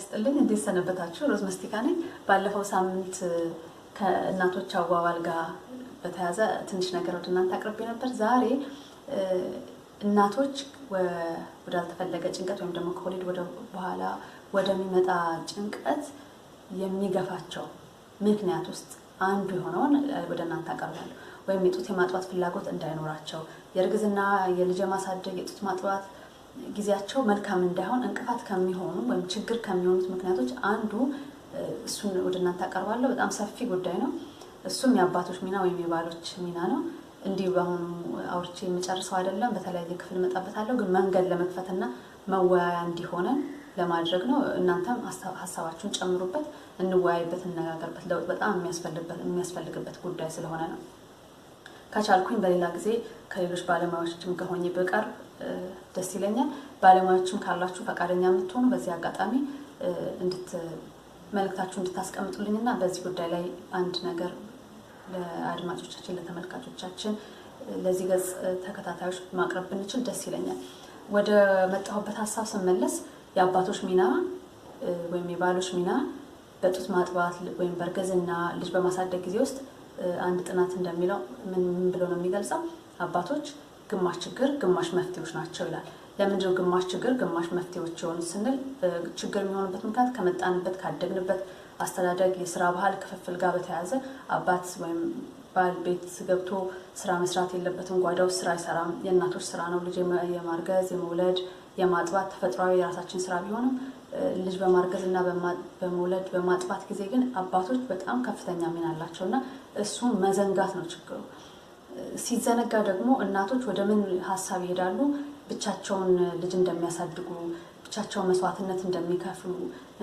ይስጥልኝ። እንዴት ሰነበታችሁ? ሮዝ መስቲካ ነኝ። ባለፈው ሳምንት ከእናቶች አዋዋል ጋር በተያዘ ትንሽ ነገር ወደ እናንተ አቅርቤ ነበር። ዛሬ እናቶች ወዳልተፈለገ ጭንቀት ወይም ደግሞ ከወሊድ ወደ በኋላ ወደሚመጣ ጭንቀት የሚገፋቸው ምክንያት ውስጥ አንዱ የሆነውን ወደ እናንተ አቀርባለሁ። ወይም የጡት የማጥባት ፍላጎት እንዳይኖራቸው፣ የእርግዝና የልጅ ማሳደግ፣ የጡት ማጥባት ጊዜያቸው መልካም እንዳይሆን እንቅፋት ከሚሆኑ ወይም ችግር ከሚሆኑት ምክንያቶች አንዱ እሱን ወደ እናንተ አቀርባለሁ። በጣም ሰፊ ጉዳይ ነው። እሱም የአባቶች ሚና ወይም የባሎች ሚና ነው። እንዲህ በአሁኑ አውርቼ የምጨርሰው አይደለም። በተለያየ ክፍል እመጣበታለሁ። ግን መንገድ ለመክፈትና መወያያ እንዲሆነን ለማድረግ ነው። እናንተም ሀሳባችሁን ጨምሩበት፣ እንወያይበት፣ እንነጋገርበት። ለውጥ በጣም የሚያስፈልግበት ጉዳይ ስለሆነ ነው። ከቻልኩኝ በሌላ ጊዜ ከሌሎች ባለሙያዎችም ከሆኜ ብቀርብ ደስ ይለኛል። ባለሙያዎችም ካላችሁ ፈቃደኛ የምትሆኑ በዚህ አጋጣሚ እንድት እንድታስቀምጡልኝ እንድታስቀምጡልኝና በዚህ ጉዳይ ላይ አንድ ነገር ለአድማጮቻችን፣ ለተመልካቾቻችን፣ ለዚህ ገጽ ተከታታዮች ማቅረብ ብንችል ደስ ይለኛል። ወደ መጣሁበት ሀሳብ ስመለስ የአባቶች ሚና ወይም የባሎች ሚና በጡት ማጥባት ወይም በእርግዝና ልጅ በማሳደግ ጊዜ ውስጥ አንድ ጥናት እንደሚለው ምን ብሎ ነው የሚገልጸው አባቶች ግማሽ ችግር ግማሽ መፍትሄዎች ናቸው ይላል። ለምንድነው ግማሽ ችግር ግማሽ መፍትሄዎች የሆኑ ስንል ችግር የሚሆኑበት ምክንያት ከመጣንበት ካደግንበት አስተዳደግ የስራ ባህል ክፍፍል ጋር በተያያዘ አባት ወይም ባል ቤት ገብቶ ስራ መስራት የለበትም፣ ጓዳው ስራ አይሰራም፣ የእናቶች ስራ ነው። ልጅ የማርገዝ የመውለድ የማጥባት ተፈጥሯዊ የራሳችን ስራ ቢሆንም ልጅ በማርገዝ እና በመውለድ በማጥባት ጊዜ ግን አባቶች በጣም ከፍተኛ ሚና አላቸው እና እሱን መዘንጋት ነው ችግሩ። ሲዘነጋ ደግሞ እናቶች ወደ ምን ሀሳብ ይሄዳሉ? ብቻቸውን ልጅ እንደሚያሳድጉ፣ ብቻቸውን መስዋዕትነት እንደሚከፍሉ፣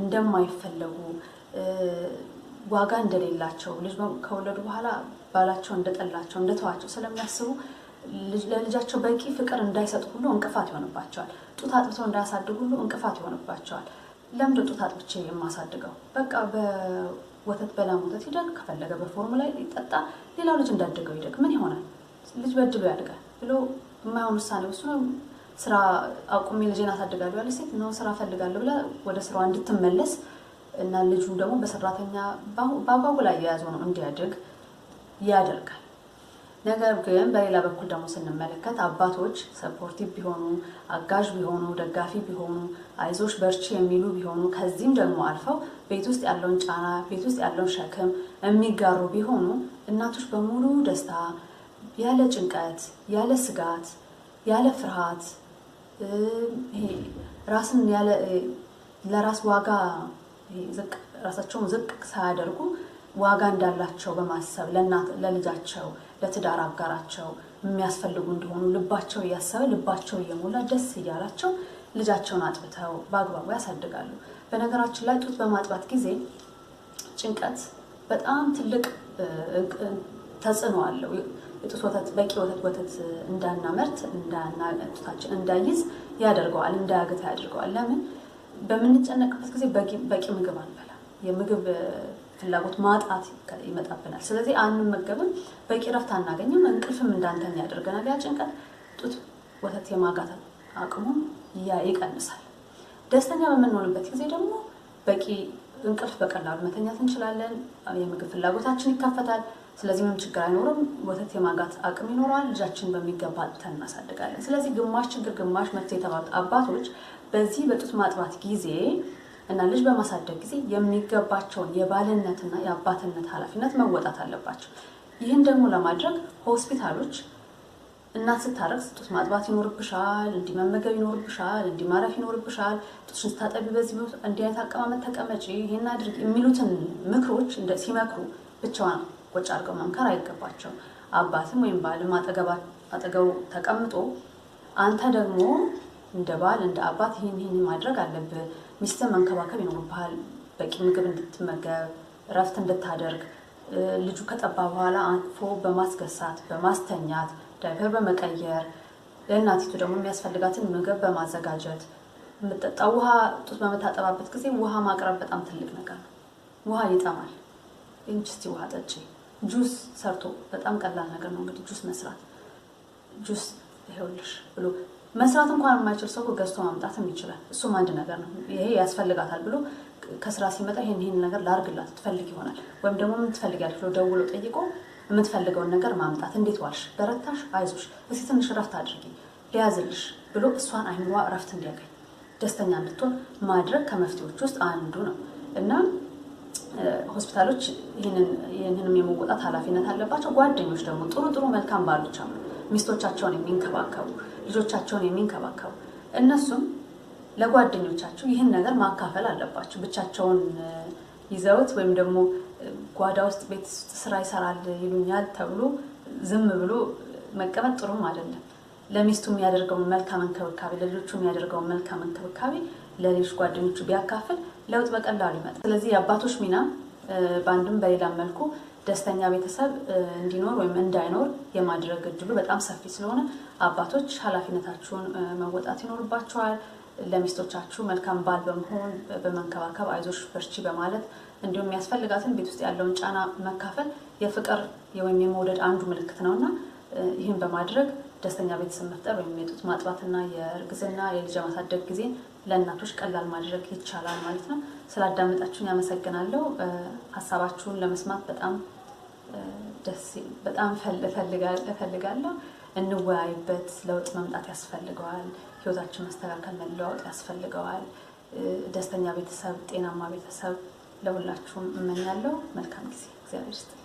እንደማይፈለጉ፣ ዋጋ እንደሌላቸው፣ ልጅ ከወለዱ በኋላ ባላቸው እንደጠላቸው፣ እንደተዋቸው ስለሚያስቡ ለልጃቸው በቂ ፍቅር እንዳይሰጡ ሁሉ እንቅፋት ይሆንባቸዋል። ጡት አጥብተው እንዳያሳድጉ ሁሉ እንቅፋት ይሆንባቸዋል። ለምድ ጡት አጥብቼ የማሳድገው? በቃ ወተት በላም ወተት ይደግ፣ ከፈለገ በፎርሙላ ይጠጣ፣ ሌላው ልጅ እንዳደገው ይደግ። ምን ይሆናል? ልጅ በድሎ ያድጋል ብሎ የማይሆን ውሳኔ ወስኖ ስራ አቁሜ ልጄን አሳድጋለሁ ያለ ሴት ነው ስራ ፈልጋለሁ ብላ ወደ ስራዋ እንድትመለስ እና ልጁ ደግሞ በሰራተኛ በአጓጉ ላይ የያዘው ነው እንዲያድግ ያደርጋል። ነገር ግን በሌላ በኩል ደግሞ ስንመለከት አባቶች ሰፖርቲቭ ቢሆኑ፣ አጋዥ ቢሆኑ፣ ደጋፊ ቢሆኑ፣ አይዞች በርቺ የሚሉ ቢሆኑ ከዚህም ደግሞ አልፈው ቤት ውስጥ ያለውን ጫና ቤት ውስጥ ያለውን ሸክም የሚጋሩ ቢሆኑ እናቶች በሙሉ ደስታ ያለ ጭንቀት፣ ያለ ስጋት፣ ያለ ፍርሃት ራስን ያለ ለራስ ዋጋ ራሳቸውን ዝቅ ሳያደርጉ ዋጋ እንዳላቸው በማሰብ ለእናት ለልጃቸው ለትዳር አጋራቸው የሚያስፈልጉ እንደሆኑ ልባቸው እያሰበ ልባቸው እየሞላ ደስ እያላቸው ልጃቸውን አጥብተው በአግባቡ ያሳድጋሉ። በነገራችን ላይ ጡት በማጥባት ጊዜ ጭንቀት በጣም ትልቅ ተጽዕኖ አለው። የጡት ወተት በቂ ወተት ወተት እንዳናመርት ጡታችን እንዳይዝ ያደርገዋል፣ እንዳያግታ ያደርገዋል። ለምን በምንጨነቅበት ጊዜ በቂ ምግብ አንበላ፣ የምግብ ፍላጎት ማጣት ይመጣብናል። ስለዚህ አንመገብም፣ በቂ እረፍት አናገኝም፣ እንቅልፍም እንዳንተን ያደርገናል። ያ ጭንቀት ጡት ወተት የማጋት አቅሙን ይቀንሳል። ደስተኛ በምንሆንበት ጊዜ ደግሞ በቂ እንቅልፍ በቀላሉ መተኛት እንችላለን። የምግብ ፍላጎታችን ይከፈታል። ስለዚህ ምንም ችግር አይኖርም። ወተት የማጋት አቅም ይኖረዋል። ልጃችን በሚገባ አጥተን እናሳድጋለን። ስለዚህ ግማሽ ችግር ግማሽ መፍትሄ የተባሉት አባቶች በዚህ በጡት ማጥባት ጊዜ እና ልጅ በማሳደግ ጊዜ የሚገባቸውን የባልነትና የአባትነት ኃላፊነት መወጣት አለባቸው። ይህን ደግሞ ለማድረግ ሆስፒታሎች እናት ስታረግዝ ጡት ማጥባት ይኖርብሻል፣ እንዲህ መመገብ ይኖርብሻል፣ እንዲህ ማረፍ ይኖርብሻል፣ ጡትሽን ስታጠቢ በዚህ እንዲህ አይነት አቀማመጥ ተቀመጪ፣ ይህን አድርግ የሚሉትን ምክሮች ሲመክሩ ብቻዋን ቁጭ አድርገው መምከር አይገባቸውም። አባትም ወይም ባልም አጠገቡ ተቀምጦ አንተ ደግሞ እንደ ባል እንደ አባት ይህን ይህን ማድረግ አለብህ፣ ሚስትህን መንከባከብ ይኖርብሃል፣ በቂ ምግብ እንድትመገብ፣ እረፍት እንድታደርግ፣ ልጁ ከጠባ በኋላ አንፎ በማስገሳት በማስተኛት፣ ዳይፐር በመቀየር፣ ለእናቲቱ ደግሞ የሚያስፈልጋትን ምግብ በማዘጋጀት የምጠጣ ውሃ ጡት በምታጠባበት ጊዜ ውሃ ማቅረብ በጣም ትልቅ ነገር ነው። ውሃ ይጠማል። ይህች እስቲ ውሃ ጠጪ ጁስ ሰርቶ በጣም ቀላል ነገር ነው እንግዲህ ጁስ መስራት። ጁስ ይሄውልሽ ብሎ መስራት እንኳን የማይችል ሰው ገዝቶ ማምጣትም ይችላል። እሱም አንድ ነገር ነው። ይሄ ያስፈልጋታል ብሎ ከስራ ሲመጣ ይሄን ይሄን ነገር ላርግላት ትፈልግ ይሆናል። ወይም ደግሞ ምን ትፈልጊያለሽ ብሎ ደውሎ ጠይቆ የምትፈልገውን ነገር ማምጣት። እንዴት ዋልሽ? በረታሽ? አይዞሽ፣ እስኪ ትንሽ እረፍት አድርጊ፣ ሊያዝልሽ ብሎ እሷን አይምሯ እረፍት እንዲያገኝ ደስተኛ እንድትሆን ማድረግ ከመፍትሄዎች ውስጥ አንዱ ነው እና ሆስፒታሎች ይህንንም የመወጣት ኃላፊነት አለባቸው። ጓደኞች ደግሞ ጥሩ ጥሩ መልካም ባሎች አሉ፣ ሚስቶቻቸውን የሚንከባከቡ ልጆቻቸውን የሚንከባከቡ እነሱም ለጓደኞቻቸው ይህን ነገር ማካፈል አለባቸው። ብቻቸውን ይዘውት ወይም ደግሞ ጓዳ ውስጥ ቤት ውስጥ ስራ ይሰራል ይሉኛል ተብሎ ዝም ብሎ መቀመጥ ጥሩም አይደለም። ለሚስቱ የሚያደርገውን መልካም እንክብካቤ፣ ለልጆቹ የሚያደርገውን መልካም እንክብካቤ ለሌሎች ጓደኞቹ ቢያካፍል ለውጥ በቀላሉ ይመጣል። ስለዚህ የአባቶች ሚና በአንድም በሌላም መልኩ ደስተኛ ቤተሰብ እንዲኖር ወይም እንዳይኖር የማድረግ እድሉ በጣም ሰፊ ስለሆነ አባቶች ኃላፊነታችሁን መወጣት ይኖርባቸዋል። ለሚስቶቻችሁ መልካም ባል በመሆን በመንከባከብ አይዞሽ በርቺ በማለት እንዲሁም የሚያስፈልጋትን ቤት ውስጥ ያለውን ጫና መካፈል የፍቅር ወይም የመውደድ አንዱ ምልክት ነው እና ይህን በማድረግ ደስተኛ ቤተሰብ መፍጠር ወይም የጡት ማጥባትና የእርግዝና የልጅ ማሳደግ ጊዜን ለእናቶች ቀላል ማድረግ ይቻላል ማለት ነው። ስላዳመጣችሁን ያመሰግናለሁ። ሀሳባችሁን ለመስማት በጣም በጣም እፈልጋለሁ። እንወያይበት። ለውጥ መምጣት ያስፈልገዋል። ህይወታችን መስተካከል፣ መለዋወጥ ያስፈልገዋል። ደስተኛ ቤተሰብ፣ ጤናማ ቤተሰብ ለሁላችሁም እመኛለሁ። መልካም ጊዜ። እግዚአብሔር